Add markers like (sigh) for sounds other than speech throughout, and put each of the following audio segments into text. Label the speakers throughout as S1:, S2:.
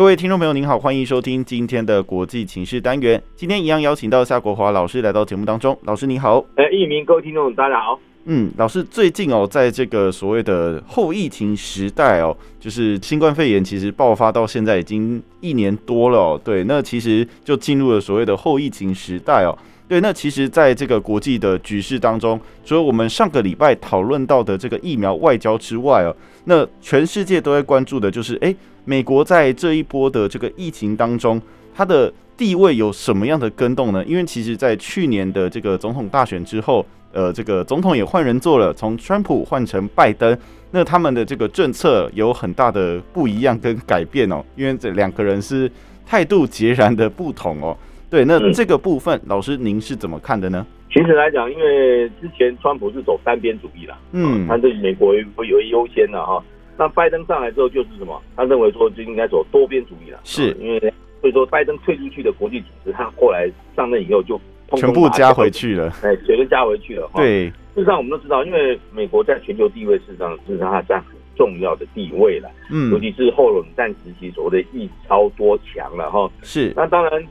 S1: 各位聽眾朋友，您好，歡迎收聽今天的國際情勢單元。今天一樣邀請到夏國華老師來到節目當中。老師您好，呃、
S2: 欸，一名各位聽眾大家好。
S1: 嗯，老師最近哦，在這個所謂的後疫情時代哦，就是新冠肺炎其實爆發到現在已經一年多了哦。對，那其實就進入了所謂的後疫情時代哦。對，那其實在這個國際的局勢當中，除了我們上個禮拜討論到的這個疫苗外交之外哦，那全世界都在關注的就是誒。欸美國在這一波的這個疫情當中，它的地位有什麼樣的更動呢？因為其實，在去年的這個總統大選之後，呃，這個總統也換人做了，從川普換成拜登，那他們的這個政策有很大的不一樣跟改變哦。因為這兩個人是態度截然的不同哦。對，那這個部分，嗯、老師您是怎麼看的呢？
S2: 其實來講，因為之前川普是走單邊主義了，嗯，他對美國會有優先的哈。那拜登上來之後就是什麼？他認為說就應該走多邊主義了，是、哦、因為所以說拜登退出去的國際組織，他後來上任以後就通通全部加回
S1: 去了。對，全部加回
S2: 去了。對，全都加回去了。對、哦，事實上我們都知道，因為美國在全球地位事實上事實上它佔很重要的地位了。嗯，尤其是後冷戰時期所謂的一超多強了哈。哦、是，那當然，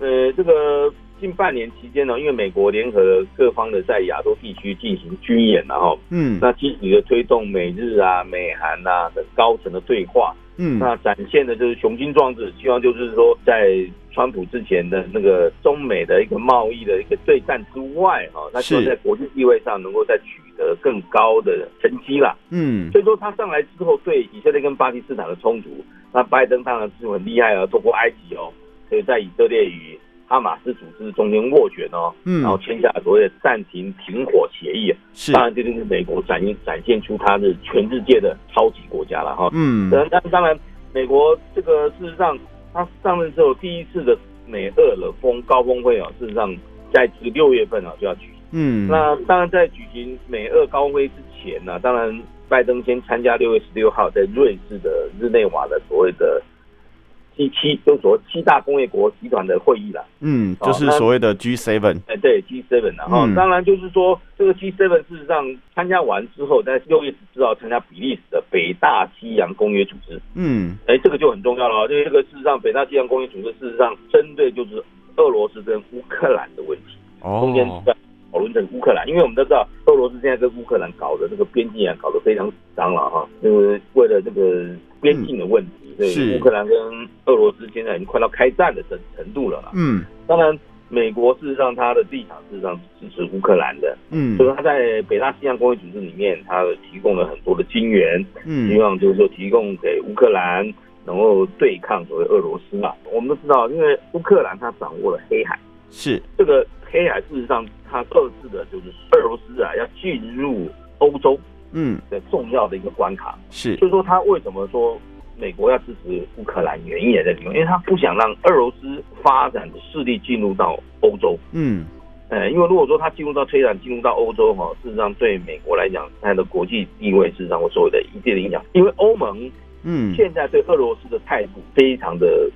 S2: 呃，這個。近半年期間呢，因為美國聯合各方的在亞洲地區進行軍演，然後，嗯，那積極的推動美日啊、美韓啊的高層的對話，嗯，那展現的就是雄心壯志，希望就是說，在川普之前的那個中美的一個貿易的一個對戰之外，哈是、哦，那希望在國際地位上能夠再取得更高的成績了，嗯，所以說他上來之後對以色列跟巴勒斯坦的衝突，那拜登當然是很厲害啊，透過埃及哦，所以在以色列與。哈馬斯組織中間斡旋，哦、嗯，然後簽下所謂的暫停停火協議是，當然這就是美國展現展現出它的全世界的超級國家了哈，哦。嗯，當然，美國這個事實上，他上任之後第一次的美俄冷鋒高峰會啊，事實上在這個六月份啊就要舉
S3: 行。嗯，那
S2: 當然在舉行美俄高峰之前呢，啊，當然拜登先參加六月十六號在瑞士的日內瓦的所謂的。第七，就是說七大工業國集團的會議了，嗯，就是所謂
S1: 的 G seven，
S2: 哎，對，對 G seven 的、嗯、當然就是說這個 G seven 事實上參加完之後，在六月之後參加比利時的北大西洋公約組織，嗯，哎、欸，這個就很重要了，因為這個事實上北大西洋公約組織事實上針對就是俄羅斯跟烏克蘭的問題，哦。討論成烏克蘭，因為我們都知道俄羅斯現在跟烏克蘭搞的這個邊境啊，搞得非常緊張了哈、啊。因、就、為、是、為了這個邊境的問題，嗯、所以烏克蘭跟俄羅斯現在已經快到開戰的程程度了。嗯，當然，美國事實上它的立場事實上是支持烏克蘭的。嗯，所以它在北大西洋公約組織裡面，它提供了很多的金源，嗯，希望就是說提供給烏克蘭能夠對抗所謂俄羅斯嘛。我們都知道，因為烏克蘭它掌握了黑海，是這個黑海事實上。他各自的就是俄羅斯啊，要進入歐洲，嗯，的重要的一個關卡、嗯、是，所以說他為什麼說美國要支持烏克蘭，原因也在裡面，因為他不想讓俄羅斯發展的勢力進入到歐洲，嗯，呃、嗯，因為如果說他進入到推展，進入到歐洲哈，事實上對美國來講，他的國際地位事實上會受到一定的影響，因為歐盟，嗯，現在對俄羅斯的態度非常的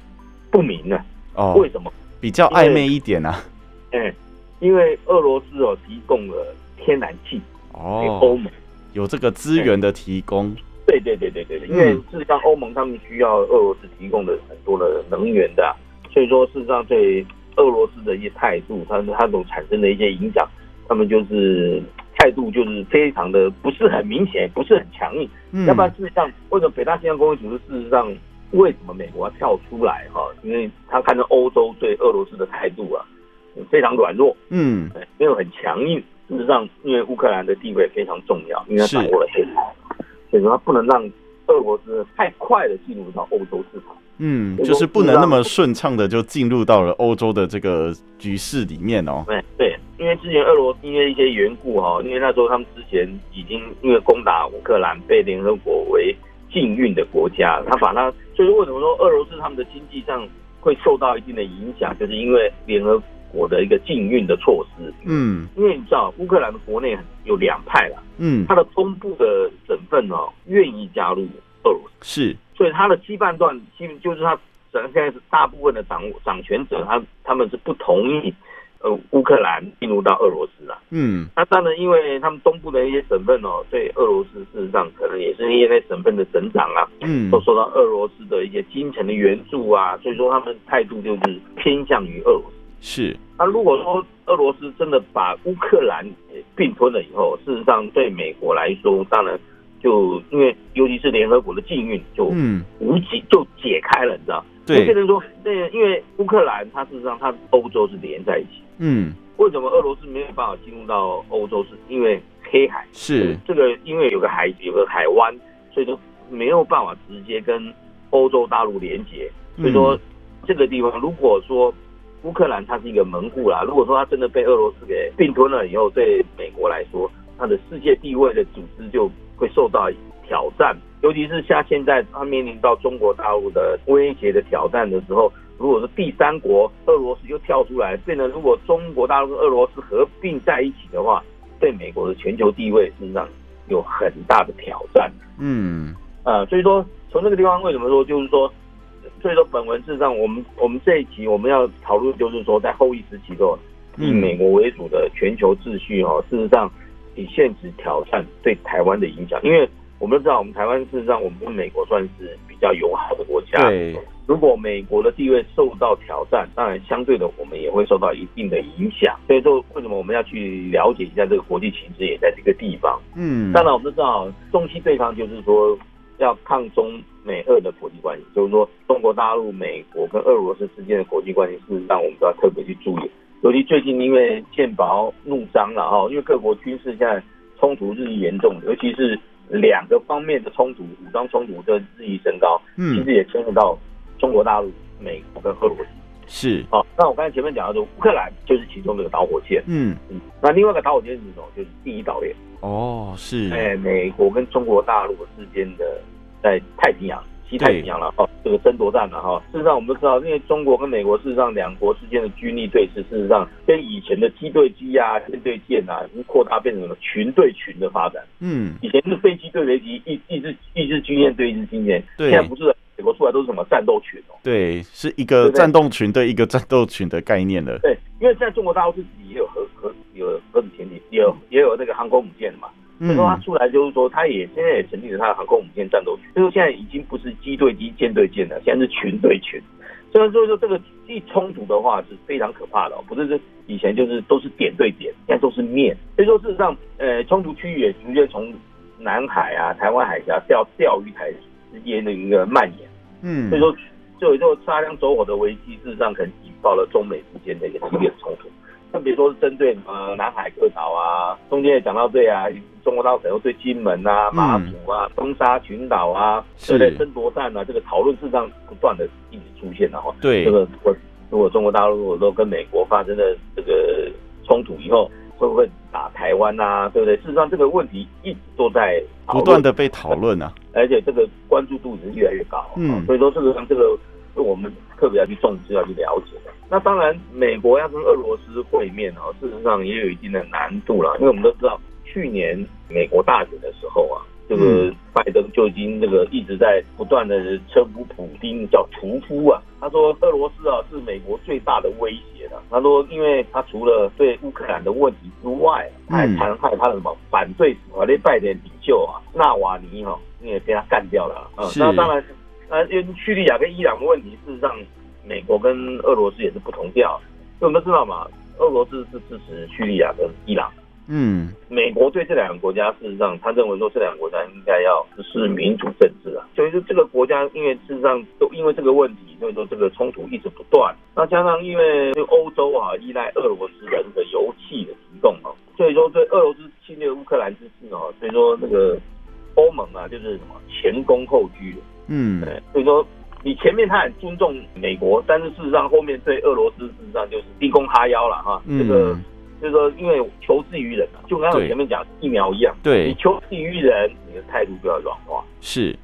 S2: 不明啊，
S1: 哦，為什麼比較曖昧一點呢、啊？嗯。
S2: 因為俄羅斯哦提供了天然氣
S1: 給歐盟，哦，有這個資源的提供。
S2: 對、嗯、對對對對對，因為事實上歐盟他們需要俄羅斯提供的很多的能源的，所以說事實上對俄羅斯的一些態度，它他都產生的一些影響。他們就是態度就是非常的不是很明顯，不是很強硬。嗯、要不然事實上為什麼北大西洋公約組織事實上為什麼美國要跳出來哈？因為他看到歐洲對俄羅斯的態度啊。非常軟弱，嗯，沒有很強硬，事實上，因為烏克蘭的地位非常重要，因為他掌握了黑海。是所以說他不能讓俄羅斯太快的進入到歐洲市場，嗯，就是不能那麼
S1: 順暢的就進入到了歐洲的這個局勢裡面哦，對對，
S2: 因為之前俄羅斯因為一些緣故哈，因為那時候他們之前已經因為攻打烏克蘭被聯合國為禁運的國家，他把它，所以為什麼說俄羅斯他們的經濟上會受到一定的影響，就是因為聯合。國的一個禁運的措施，嗯，因為你知道烏克蘭國內有兩派了，嗯，它，的東部的省份哦，願意加入俄羅
S1: 斯，是，
S2: 所以它的西半段基本就是它，現在是大部分的掌掌權者，他他們是不同意呃烏克蘭進入到俄羅斯啊，
S3: 嗯，那
S2: 當然，因為他們東部的一些省份哦，對俄羅斯事實上可能也是一些那省份的省長啊，嗯，都受到俄羅斯的一些金錢的援助啊，所以說他們態度就是偏向於俄羅斯。是，那、啊、如果說俄羅斯真的把烏克蘭併吞了以後，事實上對美國來說，當然就因為尤其是聯合國的禁運就嗯，無解，就解開了，你知道？對，變成說，那因為烏克蘭它事實上它歐洲是連在一起，
S3: 嗯，
S2: 為什麼俄羅斯沒有辦法進入到歐洲？是因為黑海是這個，因為有個海有個海灣，所以就沒有辦法直接跟歐洲大陸連接，所以說這個地方如果說。烏克蘭它是一個門戶啦，如果說它真的被俄羅斯給併吞了以後，對美國來說，它的世界地位的組織就會受到挑戰，尤其是像現在它面臨到中國大陸的威脅的挑戰的時候，如果是第三國俄羅斯又跳出來，變得，如果中國大陸跟俄羅斯合併在一起的話，對美國的全球地位實際上有很大的挑戰。嗯，啊、呃，所以說從這個地方為什麼說就是說。所以說，本文事實上，我們我們這一集我們要討論，就是說，在後疫情時期就，以美國為主的全球秩序哦，嗯、事實上以限制挑戰對台灣的影響，因為我們都知道，我們台灣事實上，我們跟美國算是比較友好的國家。嗯、如果美國的地位受到挑戰，當然相對的，我們也會受到一定的影響。所以說，為什麼我們要去了解一下這個國際情勢，也在這個地方。嗯。當然，我們都知道，東西對抗就是說。要抗中美俄的國際關係，就是說中國大陸、美國跟俄羅斯之間的國際關係，事實上我們都要特別去注意。尤其最近因為劍拔弩張了啊，因為各國軍事現在衝突日益嚴重，尤其是兩個方面的衝突、武裝衝突的日益升高，嗯，其實也牽涉到中國大陸、美國跟俄羅斯。是啊、哦，那我剛才前面講到說，烏克蘭就是其中這個導火線。嗯嗯，那另外一個導火線是什麼？就是第一島鏈
S1: 哦，是哎、欸，
S2: 美國跟中國大陸之間的在太平洋西太平洋了哦對，這個爭奪戰了哈。事實上我們知道，因為中國跟美國事實上兩國之間的軍力對峙，事實上跟以前的機對機啊，艦對艦啊，已經擴大變成了群對群的發展。嗯，以前是飛機對飛機，一一支一支軍艦對一支軍艦，對現在不是。出來都是什麼戰鬥群
S1: 哦？對，是一個戰鬥群對一個戰鬥群的概念了。
S2: 對，因為在中國大陸自己也有核核有核子潛艇，也有也有那個航空母艦的嘛。嗯。所
S1: 以說它出
S2: 來就是說，它也現在也成立了它的航空母艦戰鬥群。所以說現在已經不是機對機、艦對艦了，現在是群對群。雖然說說這個一衝突的話是非常可怕的哦，不是是以前就是都是點對點，現在都是面。所以說事實上，呃，衝突區域也逐漸從南海啊、台灣海峽、釣釣魚台之間的一個蔓延。嗯所，所以說，就後就擦槍走火的危機，事實上可能引爆了中美之間的一個激烈衝突。特別說是針對呃南海各島啊，中間也講到對啊，中國大陸可能會對金門啊、馬祖啊、東沙群島啊，嗯、這類爭奪戰啊，這個討論事實上不斷的一直出現的話，對這個我如果中國大陸如果都跟美國發生了這個衝突以後。會不會打台灣啊？對不對？事實上，這個問題一直都在不斷的
S1: 被討論啊，
S2: 而且這個關注度也是越來越高。嗯、啊，所以說事實上這個像、這個、我們特別要去重視、要去了解。那當然，美國要跟俄羅斯會面啊，事實上也有一定的難度了，因為我們都知道去年美國大選的時候啊。這個拜登就已經那個一直在不斷的稱呼普丁叫屠夫啊，他說俄羅斯啊是美國最大的威脅的。他說，因為他除了對烏克蘭的問題之外，還殘害他的什麼反對什麼？那派的領袖啊，納瓦尼哈、哦，因為被他幹掉了啊。哦、是那當然，那因為敘利亞跟伊朗的問題，事實上美國跟俄羅斯也是不同調。因為我們都知道嘛，俄羅斯是支持敘利亞跟伊朗。嗯，美國對這兩個國家，事實上，他認為說這兩個國家應該要實施民主政治啊，所以說這個國家，因為事實上都因為這個問題，所以說這個衝突一直不斷。那加上因為就歐洲啊，依賴俄羅斯的這個油氣的提供啊，所以說對俄羅斯侵略烏克蘭之事哦、啊，所以說這個歐盟啊，就是什麼前恭後倨的，嗯
S3: 對，所
S2: 以說你前面他很尊重美國，但是事實上後面對俄羅斯事實上就是低躬哈腰了哈，這個。就是說，因為求之於人嘛，就剛剛前面講疫苗一樣，對你求之於人，你的態度就要軟化。是，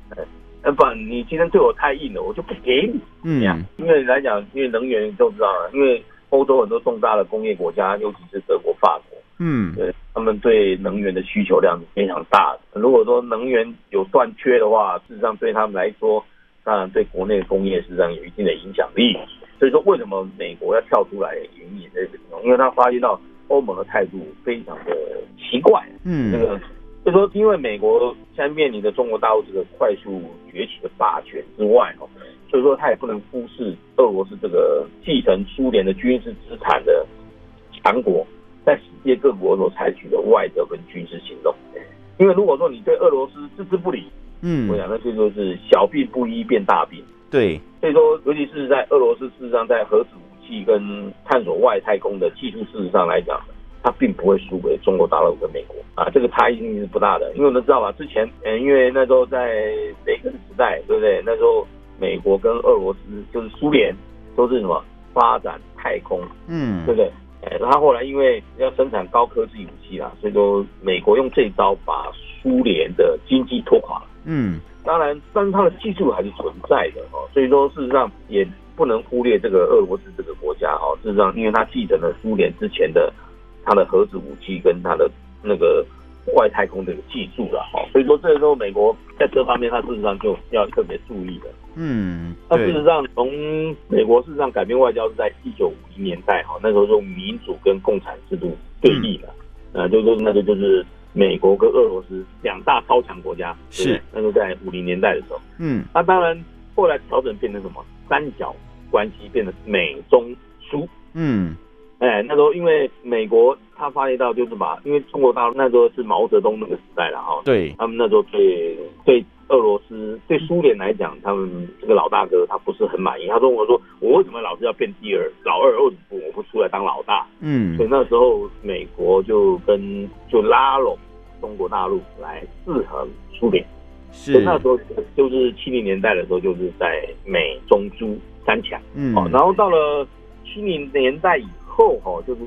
S2: 哎，不然，你今天對我太硬了，我就不給你。嗯，因為來講，因為能源，都知道了，因為歐洲很多重大的工業國家，尤其是德國、法國，嗯，
S3: 對
S2: 他們對能源的需求量是非常大的。如果說能源有斷缺的話，事實上對他們來說，當然對國內的工業市場有一定的影響力。所以說，為什麼美國要跳出來引引這個，因為他發現到。歐盟的態度非常的奇怪，嗯，這個，所以說，因為美國現在面臨著中國大陸這個快速崛起的霸權之外哦，所以說他也不能忽視俄羅斯這個繼承蘇聯的軍事資產的強國，在世界各國所採取的外交跟軍事行動。因為如果說你對俄羅斯置之不理，嗯，我想那就說是小病不醫變大病，對，所以說，尤其是在俄羅斯事實上在核子。跟探索外太空的技術，事實上來講，它並不會輸給中國大陸跟美國啊，這個差異性是不大的。因為我們知道吧，之前，嗯，因為那時候在那個時代，對不對？那時候美國跟俄羅斯，就是蘇聯，都是什麼發展太空，
S3: 嗯，對不對？哎、
S2: 嗯，然後他後來因為要生產高科技武器啊，所以說美國用這一招把蘇聯的經濟拖垮了，
S3: 嗯，
S2: 當然，但是它的技術還是存在的哦。所以說，事實上也，不能忽略這個俄羅斯這個國家哦，事實上，因為它繼承了蘇聯之前的它的核子武器跟它的那個外太空的技術了哈，所以說這個時候美國在這方面它事實上就要特別注意了。
S3: 嗯，那事實上，
S2: 從美國事實上改變外交是在一九五零年代哈，那時候用民主跟共產制度對立的。啊、嗯呃，就是那個就，就是美國跟俄羅斯兩大超強國家是對，那就在五零年代的時候，嗯，那、啊、當然後來調整變成什麼？三角關係變得美中蘇，嗯，哎、欸，那時候因為美國他發覺到就是把，因為中國大陸那時候是毛澤東那個時代了哈，對他們那時候對對俄羅斯對蘇聯來講，他們這個老大哥他不是很滿意，他說我說我為什麼老是要變第二老二，為什麼不我不出來當老大？嗯，所以那時候美國就跟就拉攏中國大陸來制衡蘇聯。那時候就是七零年代的時候，就是在美中蘇三強。嗯，然後到了七零年代以後，哈，就是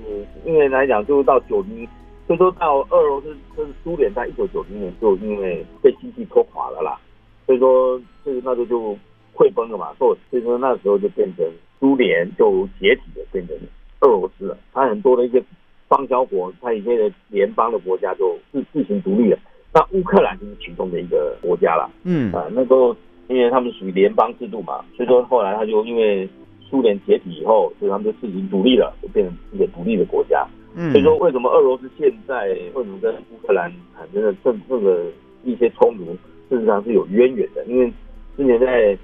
S2: 因為來講，就是到九零，就說到俄羅斯，蘇聯在一九九零年就因為被經濟拖垮了啦。所以說，這個那時候就潰崩了嘛。所以說，那時候就變成蘇聯就解體了，變成俄羅斯了。他很多的一些邦交國，他一些的聯邦的國家就自自行獨立了。那烏克蘭就是其中的一個國家了，嗯啊，那時候因為他們屬於聯邦制度嘛，所以說後來他就因為蘇聯解體以後，所以他們就自行獨立了，就變成一個獨立的國家。
S3: 嗯。所以說為
S2: 什麼俄羅斯現在為什麼跟烏克蘭產生的這這個一些衝突，事實上是有淵源的，因為之前在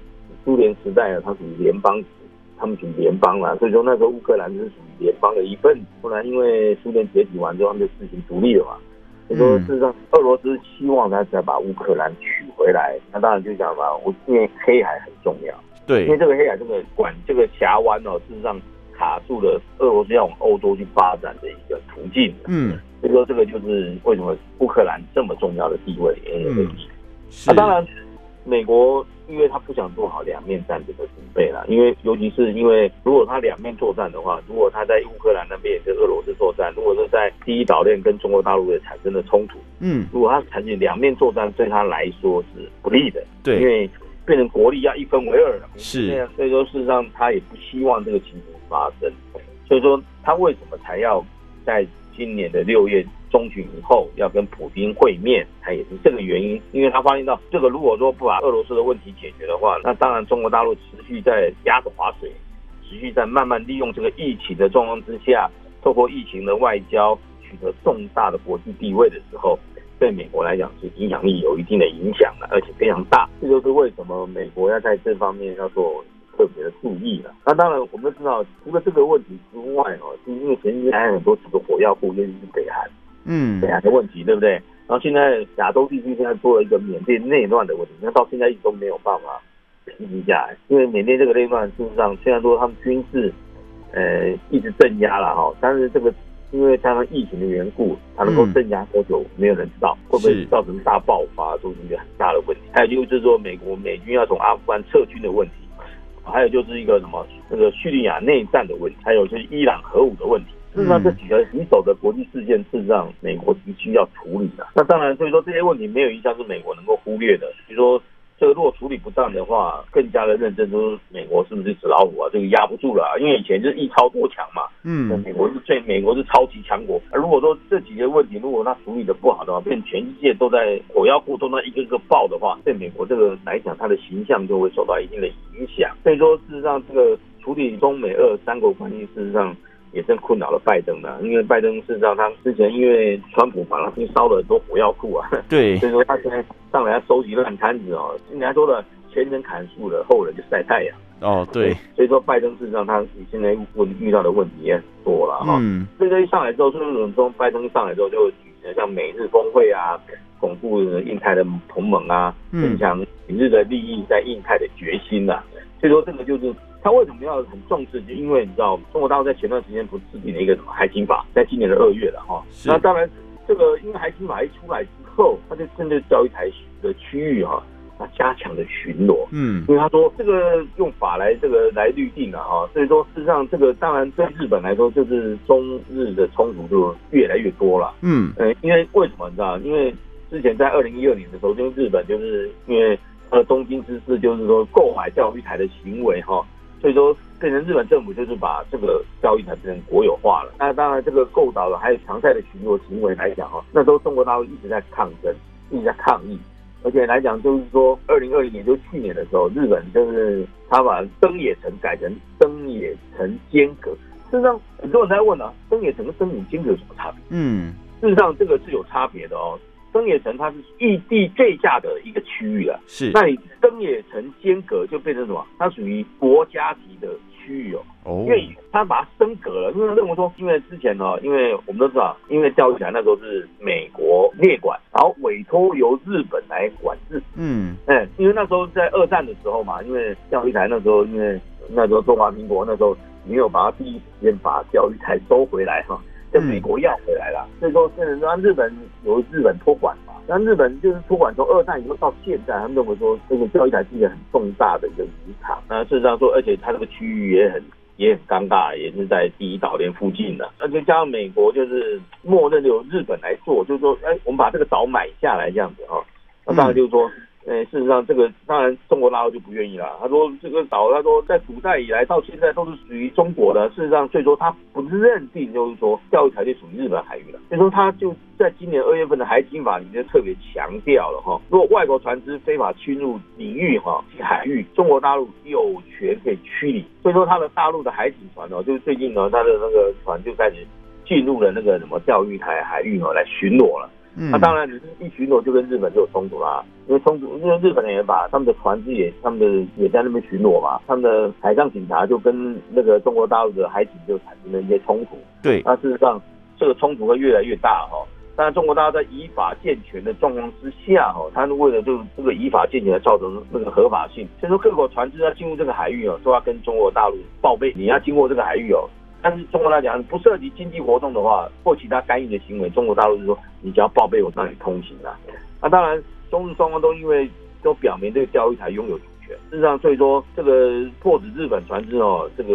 S2: 蘇聯時代啊，它屬於聯邦，他們屬於聯邦了，所以說那時候烏克蘭就是屬於聯邦的一份，後來因為蘇聯解體完之後，他們就自行獨立了嘛。就是說，事實上，俄羅斯希望他再把烏克蘭取回來，他當然就想吧我。因為黑海很重要，對，因為這個黑海這個管這個峽灣哦，事實上卡住了俄羅斯要往歐洲去發展的一個途徑。
S3: 嗯，
S2: 所以說這個就是為什麼烏克蘭這麼重要的地位嗯。那、啊、當然，美國。因為他不想做好兩面戰這個準備了，因為尤其是因為如果他兩面作戰的話，如果他在烏克蘭那邊跟俄羅斯作戰，如果是在第一島鏈跟中國大陸也產生了衝突，嗯，如果他產生兩面作戰，對他來說是不利的，對，因為變成國力要一分為二了，是，所以說事實上他也不希望這個情況發生，所以說他為什麼才要在今年的六月中旬以後要跟普丁會面，他也是這個原因，因為他發現到這個如果說不把俄羅斯的問題解決的話，那當然中國大陸持續在壓着划水，持續在慢慢利用這個疫情的狀況之下，透過疫情的外交取得重大的國際地位的時候，對美國來講是影響力有一定的影響的，而且非常大。這就是為什麼美國要在這方面要做。特別的注意了、啊。那、啊、當然，我們知道，除了這個問題之外哦，是因為前些還有很多幾個火藥庫，尤其是北韓，嗯，
S3: 北韓的問
S2: 題，對不對？然後現在亞洲地區現在做了一個緬甸內亂的問題，那到現在一直都沒有辦法平息下來。因為緬甸這個內亂，事實上雖然說他們軍事呃一直鎮壓了哈，但是這個因為加上疫情的緣故，他能夠鎮壓多久，沒有人知道，會不會造成大爆發，都、嗯、是一個很大的問題。是還有就是說，美國美軍要從阿富汗撤軍的問題。還有就是一個什麼，那個敘利亞內戰的問題，還有就是伊朗核武的問題，那這幾個棘手的國際事件，事實上美國是必須要處理的。那當然，所以說，這些問題沒有一項是美國能夠忽略的。比如說。這個如果處理不當的話，更加的認真說，美國是不是紙老虎啊？這個壓不住了啊，因為以前就是一超多強嘛，
S3: 嗯，美國是最
S2: 美國是超級強國。而如果說這幾個問題，如果他處理的不好的話，變成全世界都在火藥庫都那一個一個爆的話，對美國這個來講，它的形象就會受到一定的影響。所以說，事實上，這個處理中美俄三國關係，事實上。也是困擾了拜登的，因為拜登事實上他之前因為川普把他燒了很多火藥庫啊，對，所以說他現在上來收集了爛攤子哦，人家說的前人砍樹的，後人就曬太陽。
S1: 哦，對，對，
S2: 所以說拜登事實上他現在問遇到的問題也很多
S3: 了，哈、
S2: 哦。嗯，拜一上來之後，說拜登上來之後就舉行像美日峰會啊，鞏固印太的同盟啊，增強美日的利益在印太的決心呢、啊。所以說這個就是。他為什麼要很重視？就因為你知道，中國大陸在前段時間不制定了一個什麼海警法，在今年的二月了哈。是那當然，這個因為海警法一出來之後，他就針對釣魚台的區域哈、啊，他加強了巡邏。嗯，因為他說這個用法來這個來律定了、啊、哈，所以說事實上這個當然對日本來說，就是中日的衝突就越來越多
S3: 了。嗯，
S2: 呃，因為為什麼你知道？因為之前在二零一二年的時候，因為日本就是因為他的東京之事，就是說購買釣魚台的行為哈、啊。所以說，變成日本政府就是把這個釣魚台變成國有化了。那當然，這個構造了還有強塞的巡邏行為來講哦，那時候中國大陸一直在抗爭，一直在抗議。而且來講，就是說，二零二零年，就去年的時候，日本就是他把登野城改成登野城尖閣。事實上，很多人在問呢、啊，登野城跟登野尖閣有什麼差別？嗯，事實上，這個是有差別的哦。登野城它是異地最下的一個區域了、啊，是，那你登野城尖閣就變成什麼？它屬於國家級的區域哦，哦，因為它把它升格了，因為認為說，因為之前呢、哦，因為我們都知道、啊，因為釣魚台那時候是美國列管，然後委托由日本來管制，嗯，哎、嗯，因為那時候在二戰的時候嘛，因為釣魚台那時候，因為那時候中華民國那時候沒有把它第一時間把釣魚台收回來哈、啊。嗯、美國要回來了，所以說現在說日本由日本托管嘛，那日本就是托管從二戰以後到現在，他們認為說這個釣魚台是一個很重大的一個漁場，那、啊、事實上說，而且它這個區域也很也很尷尬，也是在第一島鏈附近的、啊，那、啊、就加上美國就是默認由日本來做，就是說，哎、欸，我們把這個島買下來這樣子啊，那當然就是說。嗯誒，事實上這個當然中國大陸就不願意了。他說這個島，他說在古代以來到現在都是屬於中國的。事實上，最多他不是認定就是說釣魚台就屬於日本海域了。所以說他就在今年二月份的海警法裡面特別強調了哈，如果外國船隻非法侵入領域哈，海域，中國大陸有權可以驅離。所以說他的大陸的海警船呢，就是最近呢，他的那個船就開始進入了那個什麼釣魚台海域呢，來巡邏了。那、嗯啊、當然，你是一巡邏就跟日本就有衝突啦，因為衝突，因為日本人也把他們的船只也，他們的也在那邊巡邏嘛，他們的海上警察就跟那個中國大陸的海警就產生了一些衝突。對，那事實上這個衝突會越來越大哈。但是中國大陸在依法健全的狀況之下哈，他為了就這個依法健全的造成那個合法性，所、就、以、是、說各國船只要進入這個海域哦，都要跟中國大陸報備，你要經過這個海域哦。但是中國來講，不涉及經濟活動的話或其他干預的行為，中國大陸是說，你只要報備，我讓你通行了、啊、那、啊、當然，中日雙方都因為都表明對釣魚台擁有主權。事實上，所以說這個迫止日本船只哦，這個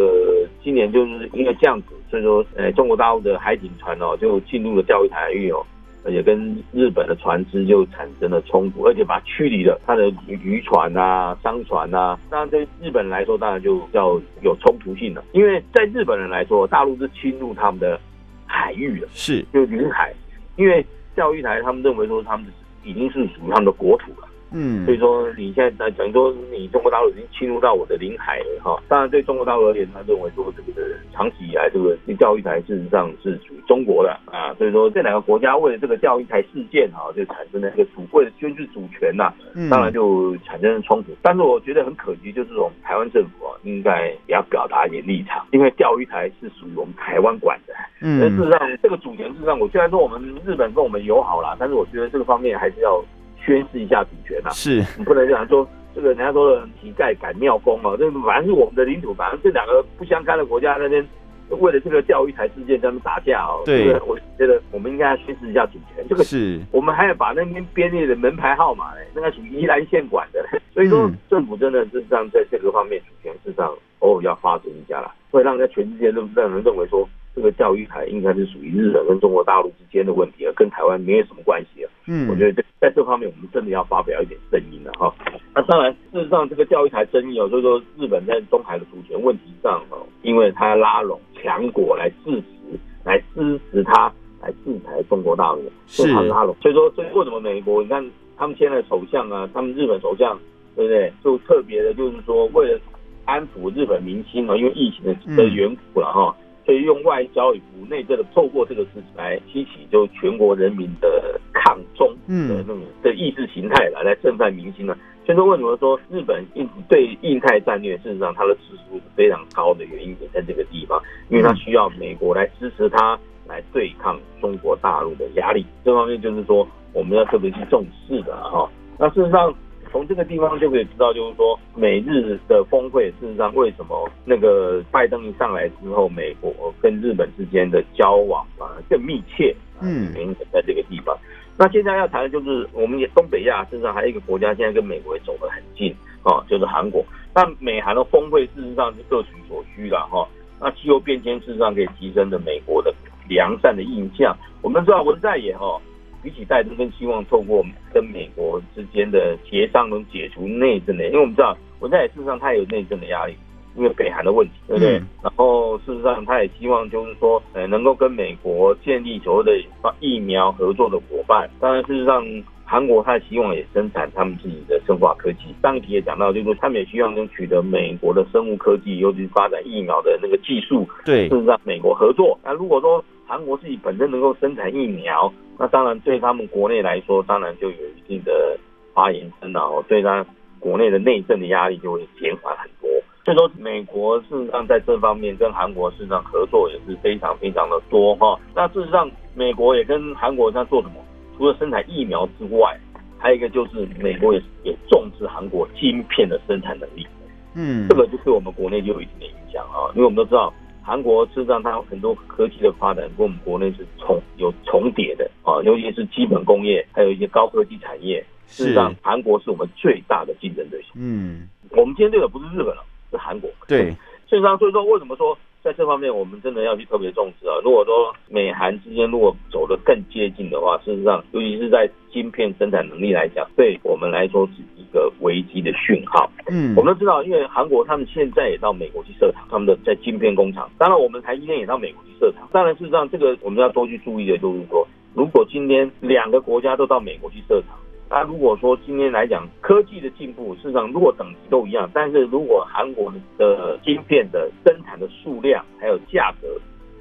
S2: 今年就是因為這樣子，所以說，哎，中國大陸的海警船哦，就進入了釣魚台海域。哦。也跟日本的船隻就產生了衝突，而且把它驅離了。他的漁船啊，商船啊，當然對日本人來說，當然就要有衝突性了，因為在日本人來說，大陸是侵入他們的海域的，是就領海，因為釣魚台，他們認為說他們已經是屬於他們的國土了。嗯，所以說你現在，在等於說你中國大陸已經侵入到我的領海了哈。當然，對中國大陸而言，他認為說這個長期以來這個釣魚台事實上是屬於中國的啊。所以說，這兩個國家為了這個釣魚台事件哈，就產生了一個主權的宣示主權吶。嗯。當然就產生了衝突，嗯、但是我覺得很可惜，就是我們台灣政府啊，應該也要表達一點立場，因為釣魚台是屬於我們台灣管的。嗯。是事實上，這個主權事實上，我雖然說我們日本跟我們友好啦，但是我覺得這個方面還是要。宣示一下主權吶、啊，是你不能這樣說這個人家說的“乞丐趕廟公啊，這反正是我們的領土，反正這兩個不相干的國家那邊為了這個釣魚台事件在那打架哦、啊。對，我覺得我們應該要宣示一下主權。這個
S3: 是我們
S2: 還要把那邊編列的門牌號碼，那個是宜蘭縣管的，所以說政府真的是這樣在這個方面主權，嗯、事實上偶爾要發揮一下了，會讓在全世界都讓人認為說。這個釣魚台應該是屬於日本跟中國大陸之間的問題啊，跟台灣沒有什麼關係啊。嗯，我覺得在這方面，我們真的要發表一點聲音了哈。那、啊、當然，事實上這個釣魚台爭議哦，就是說日本在東海的主權問題上哦，因為它拉攏強國來支持，來支持他來制裁中國大陸，所以他是拉攏。是所以說，所以為什麼美國？你看他們現在首相啊，他們日本首相，對不對？就特別的，就是說為了安撫日本民心嘛，因為疫情的緣故了哈。嗯所以用外交與國內的、這個、透過這個事情來激起，就全國人民的抗中的那種的意識形態來來震撼民心呢、啊。所以說為什麼說日本印對印太戰略，事實上它的支持度是非常高的原因也在這個地方，因為它需要美國來支持它來對抗中國大陸的壓力。這方面就是說我們要特別去重視的哈、啊。那事實上。從這個地方就可以知道，就是說美日的峰會，事實上為什麼那個拜登一上來之後，美國跟日本之間的交往反而更密切、啊，
S3: 嗯，原因就
S2: 在這個地方。那現在要談的就是，我們也東北亞事實上還有一個國家現在跟美國也走得很近啊，就是韓國。那美韓的峰會事實上是各取所需的哈。那氣候變遷事實上可以提升的美國的良善的印象。我們知道文在寅哈、哦比起拜登更希望透過跟美國之間的協商能解除內政的，因為我們知道，文在寅事實上他也有內政的壓力，因為北韓的問題，對不對？嗯、然後事實上他也希望就是說，能夠跟美國建立所謂的疫苗合作的夥伴。當然事實上，韓國他也希望也生產他們自己的生化科技。上一集也講到，就是說他們也希望能取得美國的生物科技，尤其是發展疫苗的那個技術。
S3: 對，事實上
S2: 美國合作。那如果說，韓國自己本身能夠生產疫苗，那當然對他們國內來說，當然就有一定的發言權了。對他國內的內政的壓力就會減緩很多。所以說，美國事實上在這方面跟韓國事實上合作也是非常非常的多哈、哦。那事實上，美國也跟韓國在做什麼？除了生產疫苗之外，還有一個就是美國也也重視韓國晶片的生產能力。嗯，
S3: 這個就
S2: 對我們國內就有一定的影響啊，因為我們都知道。韓國事實上，它有很多科技的發展跟我們國內是重有重疊的啊，尤其是基本工業，還有一些高科技產業。事實上，韓國是我們最大的競爭對
S3: 手。
S2: 嗯，我們今天對的不是日本了，是韓國。對，事實上，所以說為什麼說？在這方面，我們真的要去特別重視啊！如果說美韓之間如果走得更接近的話，事實上，尤其是在晶片生產能力來講，對我們來說是一個危機的訊號。嗯，我們都知道，因為韓國他們現在也到美國去設廠，他們的在晶片工廠。當然，我們台積電也到美國去設廠。當然，事實上，這個我們要多去注意的，就是說，如果今天兩個國家都到美國去設廠。那如果說今天來講科技的進步，事實上，如果等級都一樣，但是如果韓國的晶片的生產的數量還有價格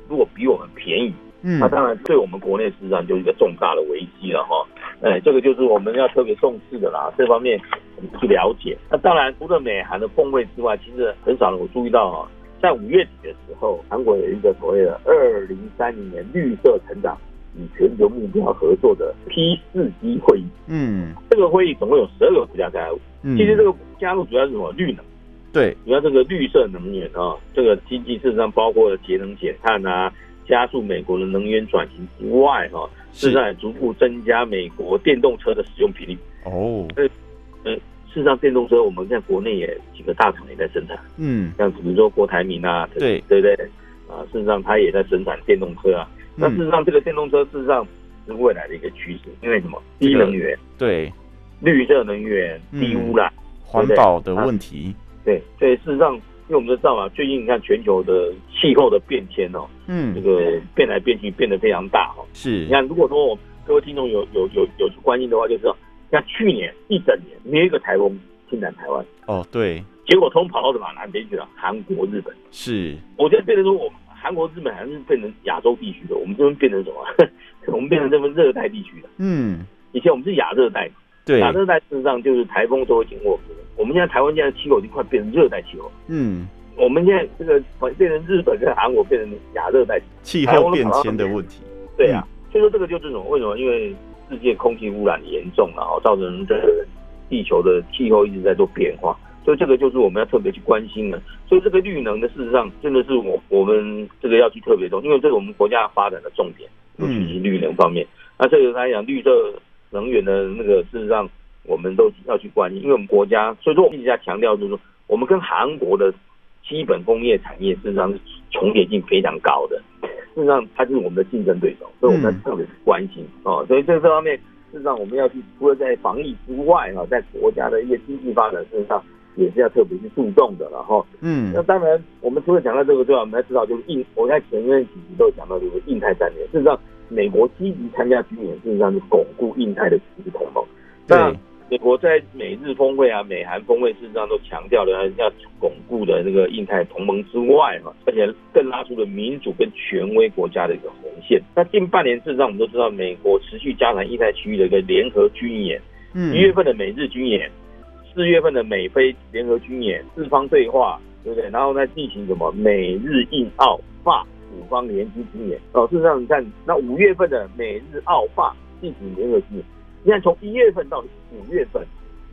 S2: 如果比我們便宜，嗯，那當然對我們國內市場就是一個重大的危機了哈。哎、嗯，這個就是我們要特別重視的啦，這方面我們不去了解。那當然除了美韓的峰會之外，其實很少人會注意到，在五月底的時候，韓國有一個所謂的二零三零年綠色成長。與全球目標合作的 P 四 G 會議，
S3: 嗯，
S2: 這個會議總共有十二個國家在。嗯，其實這個加入主要是什麼？綠能，對，主要這個綠色能源啊，這個經濟事實上包括了節能減碳啊，加速美國的能源轉型之外，哈是，是在逐步增加美國電動車的使用頻率。哦，呃、嗯，事實上，電動車我們在國內也幾個大廠也在生產，嗯，像比如說郭台銘啊，對，對不對，對？啊，事實上，他也在生產電動車啊。嗯、那事實上，這個電動車事實上是未來的一個趨勢，因為什麼？這個、低能源，對，綠色能源，嗯、低污染，環保的問題，啊、對所以事實上，因為我們都知道嘛，最近你看全球的氣候的變遷哦、喔，嗯，這個變來變去變得非常大哦、喔。是對，你看，如果說我各位聽眾有有有有去關心的話，就知道，喔，像去年一整年沒有一個颱風進南臺灣，
S1: 哦對，
S2: 結果通跑到什麼南邊去了？韓國、日本。
S1: 是，
S2: 我覺得變得說我們。韓國、日本，還是變成亞洲地區的，我們這邊變成什麼、啊？ (laughs) 我們變成這邊熱帶地區的。嗯，以前我們是亞熱帶，對，亞熱帶事實上就是颱風多、緊握。我們現在台灣現在氣候已經快變成熱帶氣候。嗯，我們現在這個變成日本跟韓國變成亞熱帶氣候變遷的問題。嗯、對啊，所以說這個就是什麼？為什麼？因為世界空氣污染嚴重、啊，然後造成這個地球的氣候一直在做變化。所以這個就是我們要特別去關心的。所以這個綠能的事實上真的是我我們這個要去特別重，因為這是我們國家發展的重點，尤其是綠能方面。那這個來講，綠色能源的那個事實上我們都要去關心，因為我們國家，所以說我們一直在強調就是說，我們跟韓國的基本工業產業事實上是重疊性非常高的，事實上它就是我們的競爭對手，所以我們要特別去關心哦。所以這個方面事實上我們要去除了在防疫之外哈，在國家的一些經濟發展身上，也是要特別去注重的了哈。然後嗯，那當然，我們除了講到這個之外，我們還知道，就是印，我在前面幾集都講到，就是印太戰略，事實上，美國積極參加軍演，事實上是鞏固印太的軍事同盟。對那美國在美日峰會啊、美韓峰會，事實上都強調了要鞏固的那個印太同盟之外嘛，而且更拉出了民主跟權威國家的一個紅線。那近半年事實上，我們都知道，美國持續加強印太區域的一個聯合軍演。
S3: 嗯。一月份
S2: 的美日軍演。四月份的美菲聯合軍演、四方對話，對不對？然後再進行什麼美日印澳法五方聯軍軍演。哦，事實上你看，那五月份的美日澳法進行聯合軍演。你看從一月份到五月份，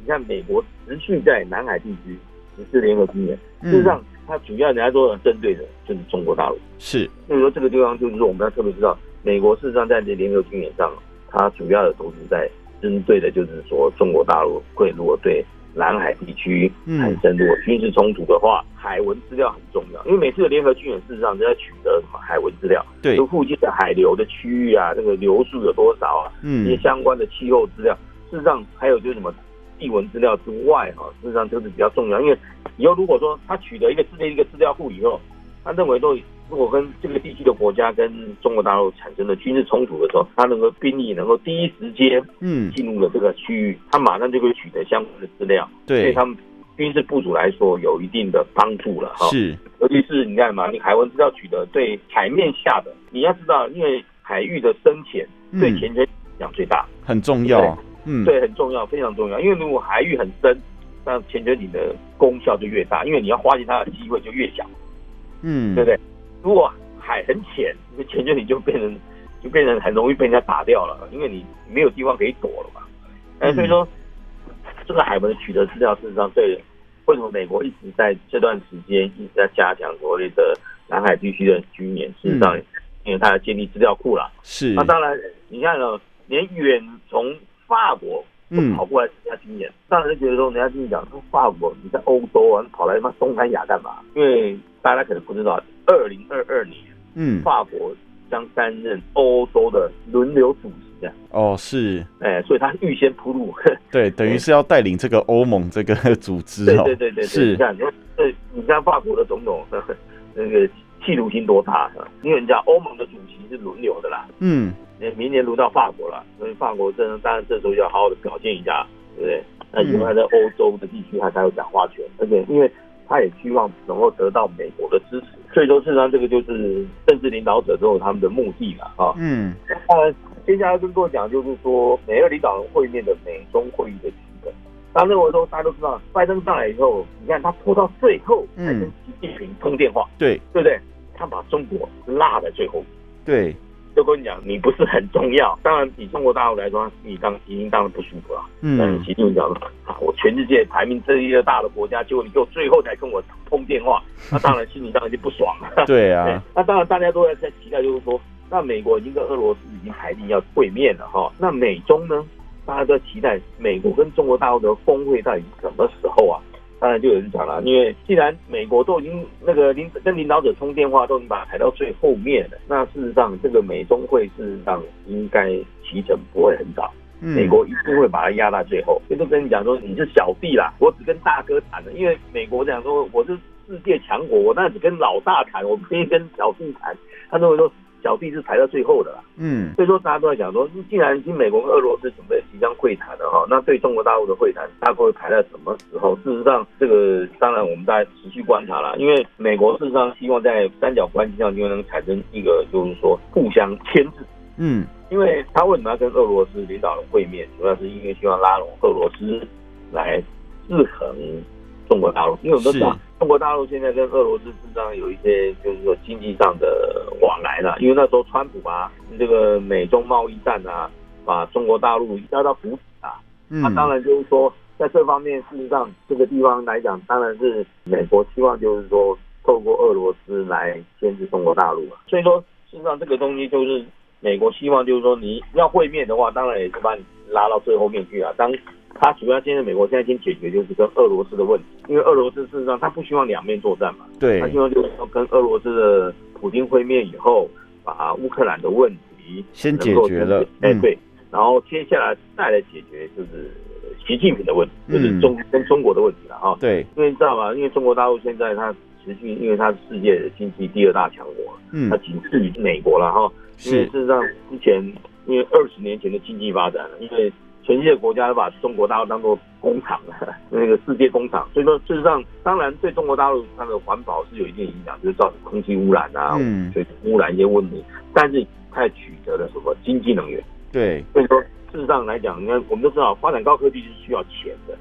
S2: 你看美國持續在南海地區實施聯合軍演。嗯，事實上，它主要人家說的針對的就是中國大陸。是，所以說這個地方就是說我們要特別知道，美國事實上在這聯合軍演上，它主要的都是在針對的就是說中國大陸會如果對。南海地區很深入，嗯、如果軍事衝突的話，海文資料很重要，因為每次的聯合軍演事實上都要取得什麼海文資料，對，就附近的海流的區域啊，這、那個流速有多少啊，嗯，一些相關的氣候資料，事實上還有就是什麼地文資料之外哈，事實上就是比較重要，因為以後如果說他取得一個之類一個資料庫以後，他認為都。如果跟這個地區的國家跟中國大陸產生的軍事衝突的時候，他能夠兵力能夠第一時間，嗯，進入了這個區域，他馬上就會取得相關的資料，對，對他們軍事部署來說有一定的幫助了哈。是，尤其是你看嘛，你海文資料取得對海面下的，你要知道，因為海域的深淺對潛水艇影響最大，嗯、
S1: 很重要，對嗯，對，很
S2: 重要，非常重要。因為如果海域很深，那潛水艇的功效就越大，因為你要發現它的機會就越小，嗯，對不對，對？如果海很淺，潛水艇，你就變成就變成很容易被人家打掉了，因為你沒有地方可以躲了嘛。哎，所以說，嗯、這個海文取得資料，事實上對，為什麼美國一直在這段時間一直在加強國內的南海地區的軍演？嗯、事實上，因為他要建立資料庫了。是。那當然，你看呢，連遠從法國。嗯，跑過來人家今年，當然就覺得說，人家跟你講，說法國你在歐洲啊，你跑來什麼東南亞幹嘛？因為大家可能不知道，二零二二年，嗯，法國將擔任歐洲的輪流主席。哦，是，哎、欸，所以他預先鋪路，
S1: 對，呵呵等於是要帶領這個歐盟這個組織。哦。對，對對
S2: 對對，是你看，你看，對，你像法國的總統，那個。企圖心多大呢？啊、因為人家歐盟的主席是輪流的啦，嗯，那明年輪到法國了，所以法國這當然這時候要好好的表現一下，對不對？那因為他在歐洲的地區他才有講話權，嗯，而且因為他也期望能夠得到美國的支持，所以說事實上這個就是政治領導者都有他們的目的嘛。啊，嗯，那接下來跟各位講就是說美日領導人會面的美中會議的。他、啊、那我說，大家都知道，拜登上來以後，你看他拖到最後才、嗯、跟習近平通電話，對對不對？他把中國落在最後，對，就跟你講，你不是很重要。當然，以中國大陸來說，你當已經當然不舒服了。嗯，
S1: 習近平角
S2: 度啊，我全世界排名這一個大的國家，結果你給我最後才跟我通電話，那當然心裡上就不爽了。 (laughs) 對啊，那、啊、當然大家都在在期待，就是說，那美國已經跟俄羅斯已經排定要會面了哈、哦，那美中呢？大家都在期待美國跟中國大陸的峰會到底什麼時候啊？當然就有人講了，因為既然美國都已經那個領跟領導者通電話，都已經把它排到最後面了，那事實上這個美中會事實上應該期程不會很早，美國一定會把它壓到最後。他就跟你講說，你是小弟啦，我只跟大哥談的，因為美國講說我是世界強國，我那只跟老大談，我不可以跟小弟談。他就會說。小弟是排到最後的啦，嗯，所以說大家都在講說，既然今美國跟俄羅斯準備即將會談的哈，那對中國大陸的會談大概會排在什麼時候？事實上，這個當然我們大家持續觀察了，因為美國事實上希望在三角關係上，就能產生一個就是說互相牽制，嗯，因為他為什麼要跟俄羅斯領導人會面，主要是因為希望拉攏俄羅斯來制衡。中國大陸，因為我們都知道，是中國大陸現在跟俄羅斯事實上有一些，就是說經濟上的往來了、啊。因為那時候川普啊，這個美中貿易戰啊，把中國大陸拉到谷底啊。
S3: 那、嗯啊、當然
S2: 就是說，在這方面，事實上這個地方來講，當然是美國希望，就是說透過俄羅斯來牽制中國大陸、啊。所以說，事實上這個東西就是美國希望，就是說你要會面的話，當然也是把你拉到最後面去啊。當他主要現在美國現在先解決就是跟俄羅斯的問題，因為俄羅斯事實上他不希望兩面作戰嘛，對，他希望就是說跟俄羅斯的普京會面以後，把烏克蘭的問題能夠
S1: 先解決了，哎、嗯欸、對，
S2: 然後接下來再來解決就是習近平的問題，嗯、就是中跟中國的問題了哈，嗯哦、對，因為你知道吧，因為中國大陸現在它持續因為它是世界的經濟第二大強國，嗯，它僅次於美國了哈，哦、是因為事實上之前因為二十年前的經濟發展，因為。全世界國家都把中國大陸當做工廠了，那個世界工廠。所以說，事實上，當然對中國大陸它的環保是有一定影響，就是造成空氣污染啊，嗯，水污染一些問題。但是它也取得了什麼經濟能源？
S1: 對。所以說，
S2: 事實上來講，你看，我們都知道，發展高科技是需要錢的。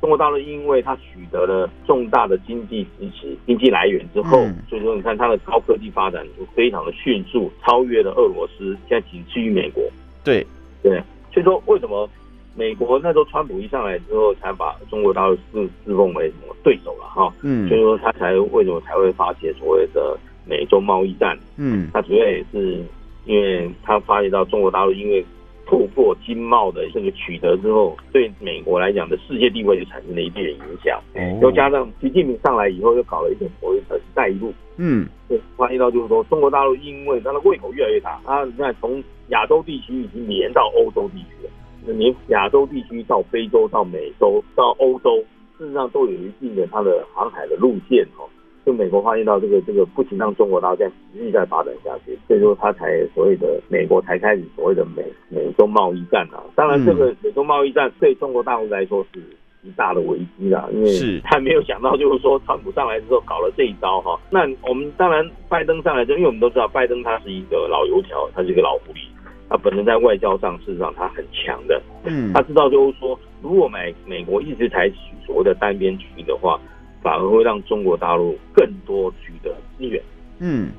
S2: 中國大陸因為它取得了重大的經濟支持、經濟來源之後，嗯、所以說，你看它的高科技發展就非常的迅速，超越了俄羅斯，現在僅次於美國。
S1: 對對。
S2: 所以說，為什麼？美國那時候川普一上來之後，才把中國大陸視奉為什麼對手了哈，嗯，所以說他才為什麼才會發起所謂的美中貿易戰，嗯，他主要也是因為他發覺到中國大陸，因為透過經貿的這個取得之後，對美國來講的世界地位就產生了一定的影響，嗯，又加上習近平上來以後又搞了一種所謂的一帶一路，嗯，就發現到就是說中國大陸因為它的胃口越來越大，啊，你看從亞洲地區已經連到歐洲地區了。那你亞洲地區到非洲到美洲到歐洲，事實上都有一定的它的航海的路線哦。就美國發現到這個這個，不僅讓中國大陸在持續在發展下去，所以說它才所謂的美國才開始所謂的美美中貿易戰啊。當然，這個美中貿易戰對中國大陸來說是極大的危機啦、啊，因為他沒有想到就是說川普上來之後搞了這一招哈、啊。那我們當然拜登上來之後，因為我們都知道拜登他是一個老油條，他是一個老狐狸。他本身在外交上，事實上他很強的。嗯，他知道就是說，如果美美國一直採取所謂的單邊主義的話，反而會讓中國大陸更多取得資源。嗯，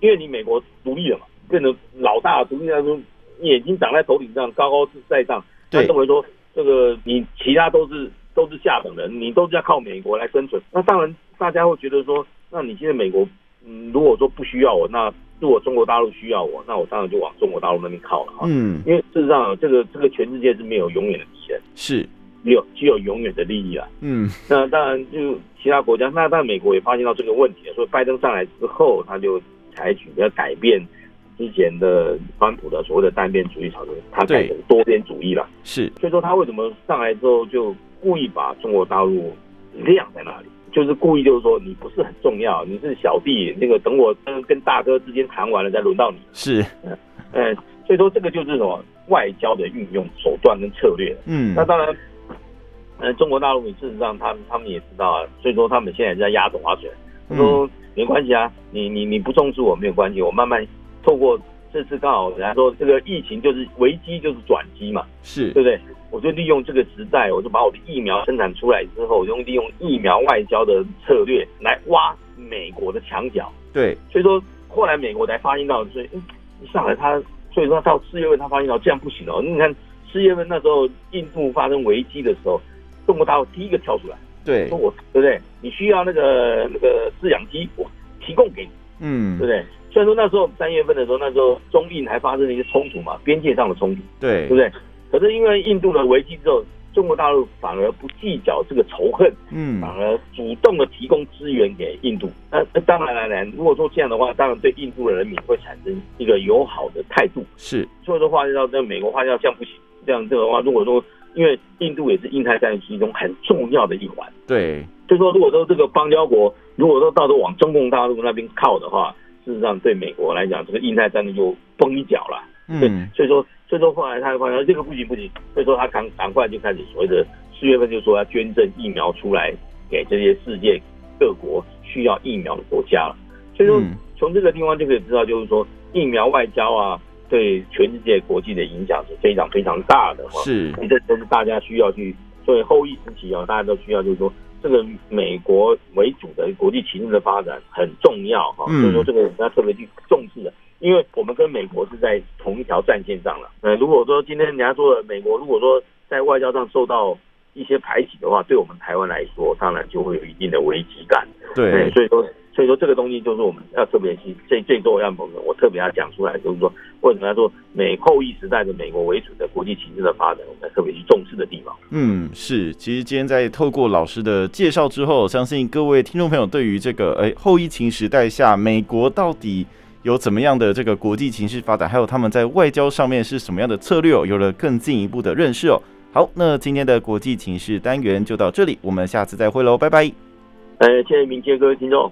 S2: 因為你美國獨立了嘛，變成老大獨立當中，眼睛長在頭頂上，高高在上，他認為說這個你其他都是都是下等人，你都是要靠美國來生存。那當然大家會覺得說，那你現在美國，嗯，如果說不需要我，那。如果中國大陸需要我，那我當然就往中國大陸那邊靠了啊。
S3: 嗯，因為事
S2: 實上，這個這個全世界是沒有永遠的敵人，是，有只有永遠的利益了。嗯，那當然就其他國家，那在美國也發現到這個問題了，所以拜登上來之後，他就採取要改變之前的川普的所謂的單邊主義潮流，他改成多邊主義了。是對，所以說他為什麼上來之後就故意把中國大陸晾在那裡？就是故意，就是說你不是很重要，你是小弟，那個等我跟跟大哥之間談完了，再輪到你。是，嗯嗯、呃，所以說這個就是什麼，外交的運用手段跟策略。嗯，那當然，呃、中國大陸事實上，他們他們也知道啊，所以說他們現在也在壓着划水。他、嗯、說沒關係啊，你你你不重視我沒有關係，我慢慢透過。這次剛好人家說這個疫情就是危機，就是轉機嘛，是對不對？我就利用這個時代，我就把我的疫苗生產出來之後，我就利用疫苗外交的策略來挖美國的牆角。對，所以說後來美國才發現到，所以一上來他所以說到四月份他發現到這樣不行哦。你看四月份那時候印度發生危機的時候，中國大陸第一個跳出來，對，說我對不對？你需要那個那個制氧機，我提供給你，嗯，對不對？雖然說那時候三月份的時候，那時候中印還發生了一些衝突嘛，邊界上的衝突，對，對不對？可是因為印度的危機之後，中國大陸反而不計較這個仇恨，嗯，反而主動的提供資源給印度。那、啊、那當然了，如果說這樣的話，當然對印度的人民會產生一個友好的態度。是，所以說話要那美國話要這樣不行，這樣這樣的話，如果說因為印度也是印太戰略其中很重要的一環，對，就說如果說這個邦交國如果說到時候往中共大陸那邊靠的話。事實上，對美國來講，這個印太戰爭就崩一腳了。嗯，所以說，所以說，後來他就發現這個不行不行，所以說他趕趕快就開始所謂的四月份就說要捐贈疫苗出來給這些世界各國需要疫苗的國家了。
S3: 所以說，
S2: 從這個地方就可以知道，就是說、嗯、疫苗外交啊，對全世界國際的影響是非常非常大的。是，這都是大家需要去作為後疫時期啊，大家都需要就是說。這個美國為主的國際情勢的發展很重要哈，所以、嗯啊就是、說這個要特別去重視的，因為我們跟美國是在同一條戰線上了。那、呃、如果說今天人家說的美國如果說在外交上受到一些排擠的話，對我們台灣來說，當然就會有一定的危機感。對、呃，所以說。所以說這個東西就是我們要特別去最最重要的部分我特別要講出來，就是說，為什麼要做美後疫情時代的美國為主的國際情勢的發展，我們特別去重視的地方。
S1: 嗯，是，其實今天在透過老師的介紹之後，相信各位聽眾朋友對於這個哎、欸、後疫情時代下，美國到底有怎麼樣的這個國際情勢發展，還有他們在外交上面是什麼樣的策略哦，有了更進一步的認識哦。好，那今天的國際情勢單元就到這裡，我們下次再會嘍，拜拜。
S2: 呃、欸，謝謝明天各位聽眾。